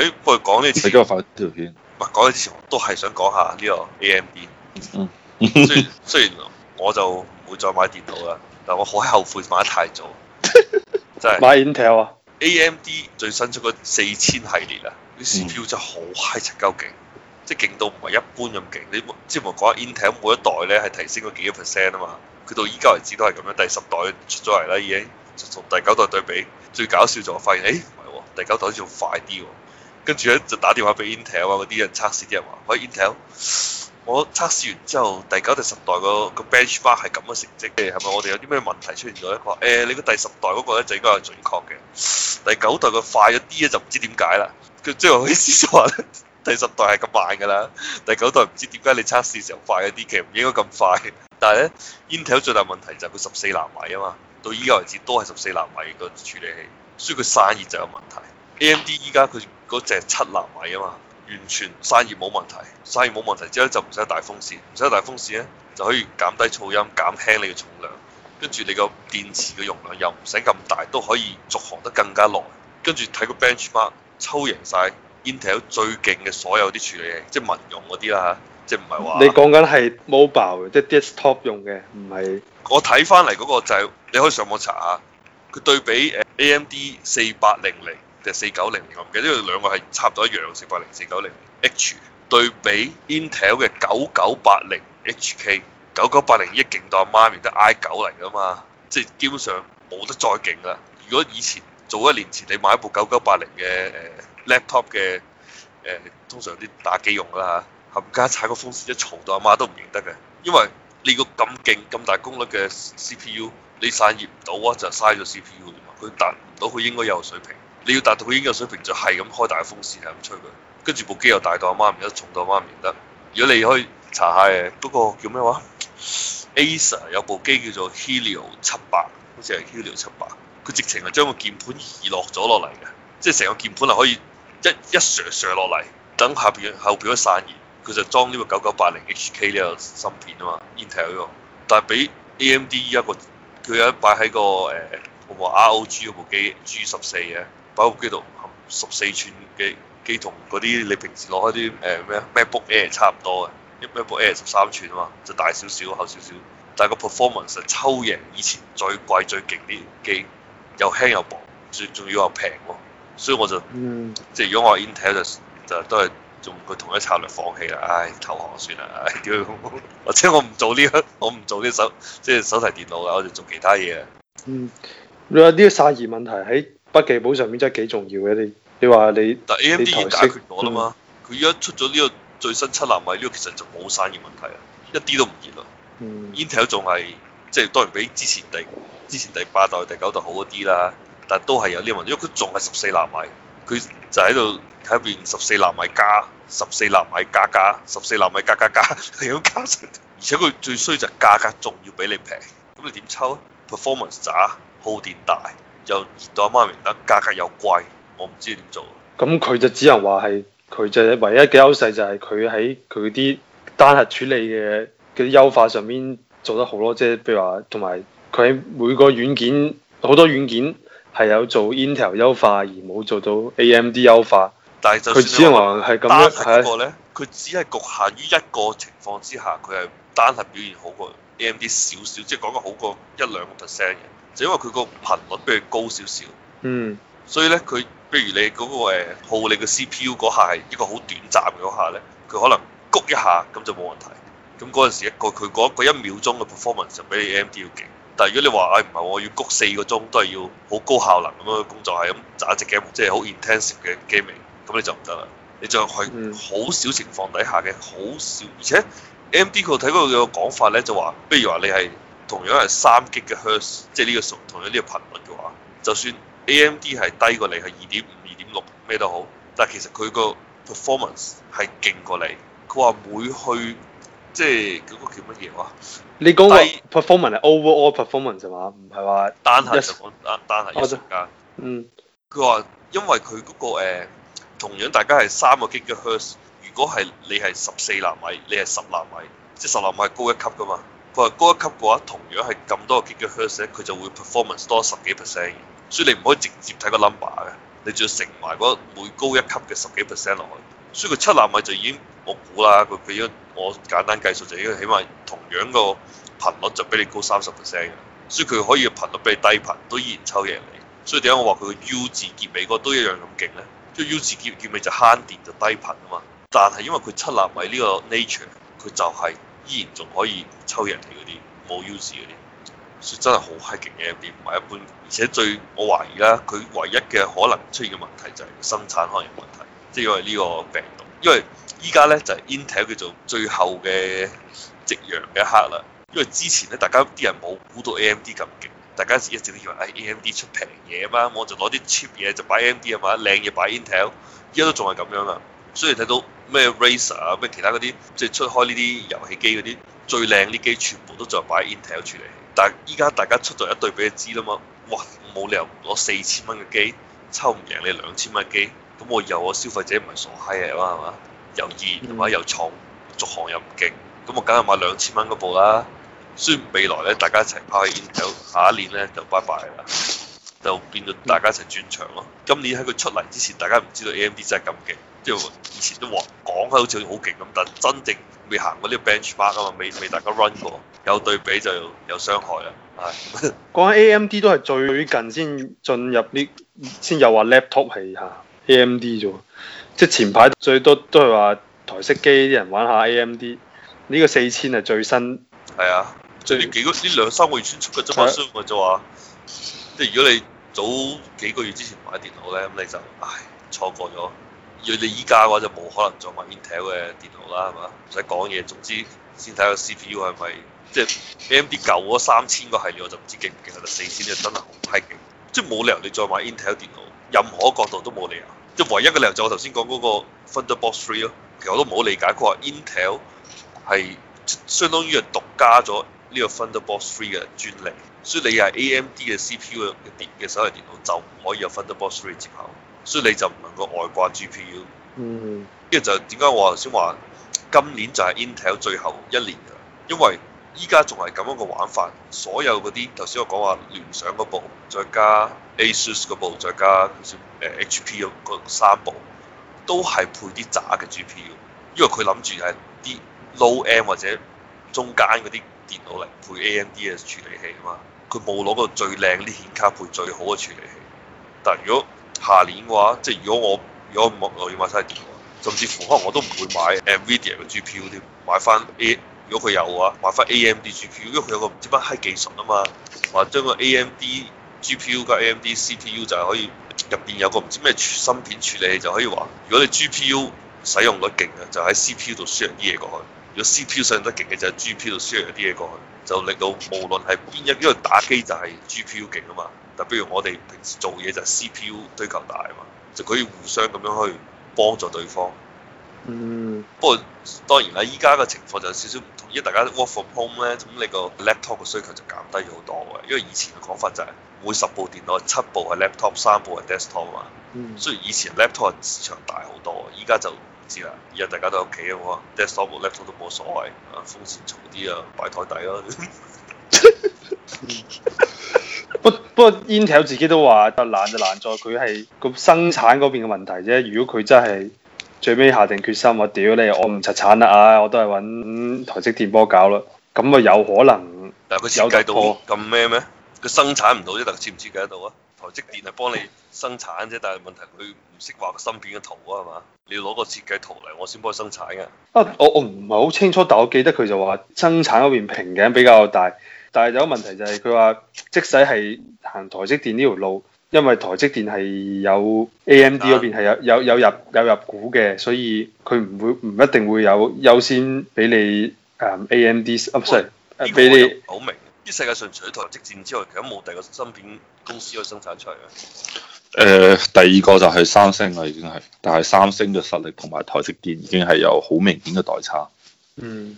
誒，不如講呢次。你今日發條片。唔係講之前我都係想講下呢個 AMD。嗯。雖然 雖然我就唔會再買電腦啦，但我好後悔買得太早。 真係是。買 Intel 啊？AMD 最新出嗰四千系列啊，啲 CPU 真係好閪鬼鳩勁，嗯、即係勁到唔係一般咁勁。你之前咪講 Intel 每一代咧係提升咗幾個 percent 啊嘛？佢到依家為止都係咁樣。第十代出咗嚟啦，已經同第九代對比，最搞笑就我發現，誒唔係喎，第九代仲快啲喎。跟住咧就打電話俾 Intel 啊，嗰啲人測試啲人話，喂 Intel，我測試完之後，第九第十代個個 benchmark 係咁嘅成績，係咪我哋有啲咩問題出現咗？一個誒，你個第十代嗰個咧就應該係準確嘅，第九代佢快咗啲咧就唔知點解啦。佢即係好似話第十代係咁慢㗎啦，第九代唔知點解你測試時候快咗啲，其實唔應該咁快。但係咧，Intel 最大問題就係佢十四納米啊嘛，到依家為止都係十四納米個處理器，所以佢散熱就有問題。A.M.D. 依家佢嗰隻七納米啊嘛，完全生意冇問題，生意冇問題之後就唔使大風扇，唔使大風扇咧就可以減低噪音、減輕你嘅重量，跟住你個電池嘅容量又唔使咁大，都可以續航得更加耐。跟住睇個 bench mark 抽贏晒 Intel 最勁嘅所有啲處理器，即係民用嗰啲啦，即係唔係話你講緊係 mobile 即係 desktop 用嘅，唔係我睇翻嚟嗰個就係你可以上網查下，佢對比 A.M.D. 四八零零。嘅四九零我咁嘅，因為兩個係差唔多一樣，四八零四九零 H 對比 Intel 嘅九九八零 HK 九九八零一勁到阿媽，媽，咪家 I 九嚟噶嘛，即係基本上冇得再勁啦。如果以前早一年前你買一部九九八零嘅誒 laptop 嘅誒，uh, 通常啲打機用啦嚇，冚家踩個風扇一嘈到阿媽，媽都唔認得嘅，因為你個咁勁咁大功率嘅 C P U，你散熱唔到啊，就嘥咗 C P U 佢達唔到佢應該有水平。你要達到佢應有水平，就係咁開大嘅風扇，係咁吹佢。跟住部機又大到阿媽唔認得，重到阿媽認唔得。如果你可以查下嘅嗰個叫咩話 Acer 有部機叫做 Helio 七百，好似係 Helio 七百。佢直情係將個鍵盤移落咗落嚟嘅，即係成個鍵盤係可以一一鋤鋤落嚟，等下邊後邊一散熱，佢就裝呢個九九八零 HK 呢個芯片啊嘛 Intel 呢、那個。但係俾 AMD 依一個，佢有一擺喺個誒部 ROG 嗰部機 G 十四嘅。包喺機度，含十四寸嘅機，機同嗰啲你平時攞開啲誒咩、呃、MacBook Air 差唔多嘅，啲 MacBook Air 十三寸啊嘛，就大少少，厚少少，但係個 performance 抽型以前最貴最勁啲機，又輕又薄，最仲要又平喎，所以我就，嗯，即係如果我 Intel 就就都係用佢同一策略放棄啦，唉投降算啦，唉屌，或者 我唔做呢、這、樣、個，我唔做呢手即係手提電腦啦，我就做其他嘢。嗯，你話啲散熱問題喺？筆記簿上面真係幾重要嘅，你你話你，但 AMD 已經解決咗啦嘛，佢而家出咗呢個最新七納米，呢個其實就冇散熱問題啊，一啲都唔熱啊，Intel 仲係即係當然比之前第之前第八代第九代好一啲啦，但係都係有呢個問題，因為佢仲係十四納米，佢就喺度喺入邊十四納米加十四納米加加十四納米加加加嚟到加， 而且佢最衰就係價格仲要比你平，咁你點抽啊？performance 渣，耗電大。又熱到阿媽唔得，價格又貴，我唔知點做。咁佢就只能話係，佢就唯一嘅優勢就係佢喺佢啲單核處理嘅啲優化上面做得好咯。即係譬如話，同埋佢喺每個軟件好多軟件係有做 Intel 優化而冇做到 AMD 優化。優化但係就佢只能話係咁樣一個咧，佢只係局限於一個情況之下，佢係單核表現好過。AMD 少少，即係講個好過一兩個 percent 嘅，就因為佢個頻率比佢高少少。嗯。Mm. 所以咧，佢譬如你嗰、那個誒、呃、耗你嘅 CPU 嗰下係一個好短暫嘅嗰下咧，佢可能谷一下咁就冇問題。咁嗰陣時一個佢嗰嗰一秒鐘嘅 performance 就比你 AMD 要勁。但係如果你話誒唔係，我要谷四個鐘都係要好高效能咁樣嘅工作係咁打一隻、那、game、個、即係好 intensive 嘅 gaming，咁你就唔得啦。你就係好少情況底下嘅，好少而且。AMD 佢睇佢個講法咧，就話，不如話你係同樣係三吉嘅 Hertz，即係呢個同同樣呢個頻率嘅話，就算 AMD 係低過你係二點五、二點六咩都好，但係其實佢個 performance 係勁過你。佢話每去即係嗰個叫乜嘢話？你講個 performance over all performance 係嘛？唔係話單下就講單 Yes. 單下一瞬間、oh。嗯，佢話因為佢嗰、嗰個同樣大家係三個吉嘅 Hertz。如果係你係十四納米，你係十納米，即係十納米係高一級㗎嘛。佢話高一級嘅話，同樣係咁多個 gigahertz 咧，佢就會 performance 多十幾 percent。所以你唔可以直接睇個 number 嘅，你就要乘埋嗰每高一級嘅十幾 percent 落去。所以佢七納米就已經我估啦，佢變咗我簡單計數就已經起碼同樣個頻率就比你高三十 percent 嘅。所以佢可以頻率比你低頻都依然抽贏你。所以點解我話佢 U 字結尾嗰都一樣咁勁咧？即係 U 字結尾結尾就慳電就低頻啊嘛。但係因為佢七納米呢個 nature，佢就係依然仲可以抽人哋嗰啲冇 use 嗰啲，所以真係好 hi 勁嘅 AMD 唔係一般。而且最我懷疑啦，佢唯一嘅可能出現嘅問題就係生產可能有問題，即係因為呢個病毒。因為依家咧就係 Intel 叫做最後嘅夕陽嘅一刻啦。因為之前咧大家啲人冇估到 AMD 咁勁，大家一直都以為啊 AMD 出平嘢啊嘛，我就攞啲 cheap 嘢就擺 AMD 啊嘛，靚嘢擺 Intel。依家都仲係咁樣啊，所以睇到。咩 Razer 啊，咩其他嗰啲，即係出開呢啲遊戲機嗰啲最靚啲機，全部都就係擺 Intel 處理器。但係依家大家出咗一對比就知啦嘛，哇！冇理由攞四千蚊嘅機抽唔贏你兩千蚊嘅機，咁我又我消費者唔係傻閪嚟嘛，係嘛？又熱同埋又重，續航又唔勁，咁我梗係買兩千蚊嗰部啦。雖然未來咧大家一齊拋去 Intel，下一年咧就拜拜 e 啦，就變到大家一齊轉場咯。今年喺佢出嚟之前，大家唔知道 AMD 真係咁勁。即係以前都話講開好似好勁咁，但真正未行過啲 bench mark 啊嘛，未未大家 run 過，有對比就有傷害啊！係講緊 A M D 都係最近先進入呢，先有話 laptop 係嚇 A M D 啫，即係前排最多都係話台式機啲人玩下 A M D，呢個四千係最新係啊，最近幾個呢兩三個月先出嘅啫嘛，所以咪就話，即係是、啊、如果你早幾個月之前買電腦咧，咁你就唉錯過咗。要你依家嘅話就冇可能再買 Intel 嘅電腦啦，係嘛？唔使講嘢，總之先睇下 CPU 係咪即係 AMD 舊嗰三千個系列我就唔知勁唔勁啦，四千就真係好批勁，即係冇理由你再買 Intel 電腦，任何角度都冇理由。即係唯一嘅理由就我頭先講嗰個 Thunderbolt Three 咯，其實我都唔好理解佢話 Intel 係相當於係獨家咗。呢個 Thunderbolt 3嘅專利，所以你係 AMD 嘅 CPU 嘅碟嘅手提電腦就唔可以有 Thunderbolt 3接口，所以你就唔能夠外掛 GPU、mm。嗯、hmm。呢個就點解我頭先話今年就係 Intel 最後一年㗎？因為依家仲係咁樣嘅玩法，所有嗰啲頭先我講話聯想嗰部，再加 Asus 嗰部，再加頭先誒 HP 嗰三部，都係配啲渣嘅 GPU，因為佢諗住係啲 low end 或者中間嗰啲。電腦嚟配 AMD 嘅處理器啊嘛，佢冇攞個最靚啲顯卡配最好嘅處理器。但係如果下年嘅話，即係如果我如果我我要買晒電腦，甚至乎可能我都唔會買 NVIDIA 嘅 GPU 添，買翻 A。如果佢有嘅話，買翻 AMD GPU，因為佢有個唔知乜閪技術啊嘛，話將個 AMD GPU 加 AMD CPU 就係可以入邊有個唔知咩芯片處理器就可以話，如果你 GPU 使用率勁啊，就喺 CPU 度輸入啲嘢過去，如果 CPU 上得勁嘅就係 GPU share 啲嘢過去，就令到無論係邊一，因為打機就係 GPU 勁啊嘛。但譬如我哋平時做嘢就係 CPU 需求大啊嘛，就可以互相咁樣去幫助對方。嗯。不過當然啦，依家嘅情況就有少少唔同，因為大家 work from home 咧，咁你個 laptop 嘅需求就減低咗好多嘅。因為以前嘅講法就係、是、每十部電腦七部係 laptop，三部係 desktop 啊嘛。嗯。雖然以前 laptop 市場大好多，依家就～知啦，而家大家都喺屋企啊，喎即 e s k o laptop 都冇所謂，啊，風扇嘈啲啊，擺台底咯 不不過 Intel 自己都話，得難就難在佢係個生產嗰邊嘅問題啫。如果佢真係最尾下定決心，我屌你，我唔出產啦，啊，我都係揾台式電波搞咯。咁啊有可能有，但係佢設計到咁咩咩？佢生產唔到啫，但唔設，設計得到啊。台積電係幫你生產啫，但係問題佢唔識畫個芯片嘅圖啊，係嘛？你要攞個設計圖嚟，我先幫佢生產嘅。啊，我我唔係好清楚，但我記得佢就話生產嗰邊瓶頸比較大，但係有個問題就係佢話，即使係行台積電呢條路，因為台積電係有 AMD 嗰邊係有有有入有入股嘅，所以佢唔會唔一定會有優先俾你 AMD，唔係俾你好明。呢世界上除咗台積電之外，其實冇第二個芯片公司可以生產出嚟嘅。誒、呃，第二個就係三星啦，已經係，但係三星嘅實力同埋台積電已經係有好明顯嘅代差。嗯。